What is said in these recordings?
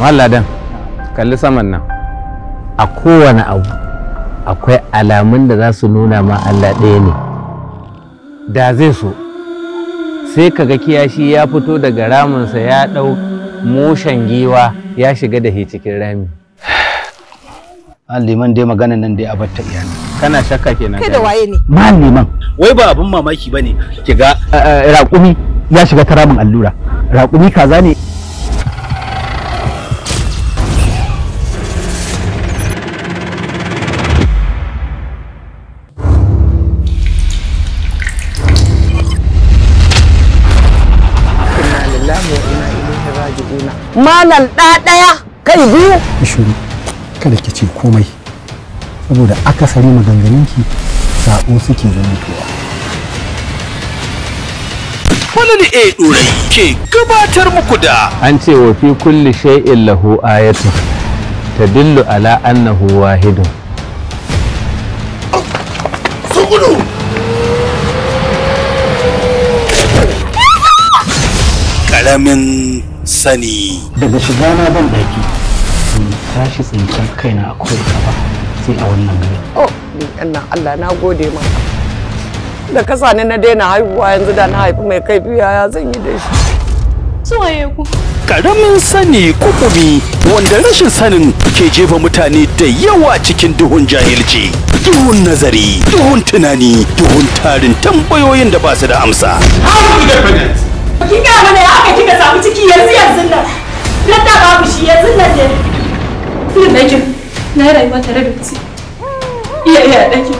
Walladan, kalli saman nan. A kowane abu akwai alamun da za su nuna ma Allah ɗaya ne. Da zai so, sai kaga kiyashi ya fito daga raminsa ya ɗau mushen giwa ya shiga da he cikin rami. liman dai magana nan dai a batta kana shakka kenan kai da waye ne liman wai ba abun mamaki bane kiga eh, eh, raƙumi ya shiga ta ramin allura raƙumi kaza ne malam ɗaya kai biyu shiru kada ki ce komai saboda aka akasari maganganunki sabo suke zamantowa Falal A ɗorai ke gabatar muku da an ce wa fi kulli shay'in lahu ayatu tadillu ala annahu wahidun karamin sani daga shiga na ban daki tashi kai kaina a kawai ba sai a wannan gari oh ni nan Allah na gode maka da ka sani na daina haihuwa yanzu da na haifi mai kai biya ya zan yi da shi suwaye ku karamin sani kukumi wanda rashin sanin ke jefa mutane da yawa cikin duhun jahilci duhun nazari duhun tunani duhun tarin tambayoyin da ba su da amsa how do you get pregnant kin ga mana ya aka yi rayuwa tare da wasu iyaye a ɗakin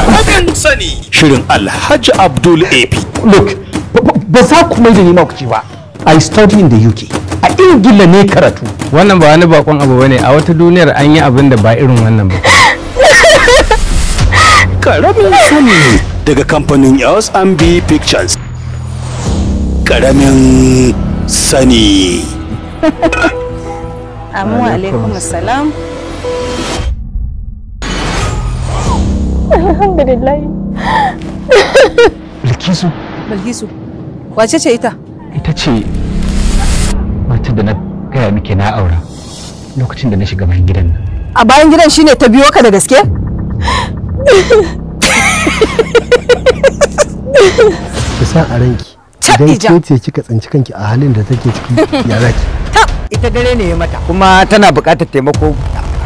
Hakan sani shirin Alhaji Abdul AP. Look, ba za ku mai da ni makuci ba. I study in the UK. A Ingila ne karatu. Wannan ba wani bakon abu bane a wata duniyar an yi abin da ba irin wannan ba. Karamin sani daga kamfanin B Pictures. Karamin sani. Amu alaikum assalam. Alhamdulillah. Bilkisu. Bilkisu. Wace ce ita? Ita ce matar da na gaya miki na aura lokacin da na shiga bayan gidan nan. A bayan gidan shine ta biyo ka da gaske? Ki sa a ranki. Idan ke ce kika tsinci kanki a halin da take ciki ya zaki. ita dare ne ya mata kuma tana buƙatar taimako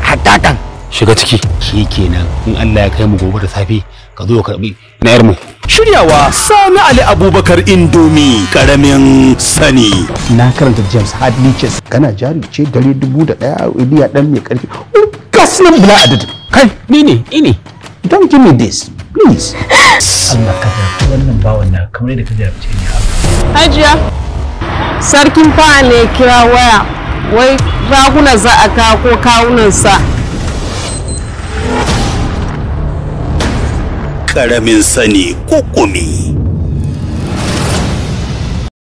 hattakan shiga ciki shi kenan in Allah ya kai mu gobe da safe ka zo ka karbi na yarmu shiryawa sani ali abubakar indomi karamin sani na karanta james hadley chess kana jari ce dare dubu da daya biya dan mai karfi oh, gas nan bila adad kai ni ne ini don't give me this please Allah ka jarabci wannan bawan na kamar yadda ka jarabce ni haka hajiya sarkin fa ne kira waya wai raguna za a kawo ko kawunansa ƙaramin sani kukumi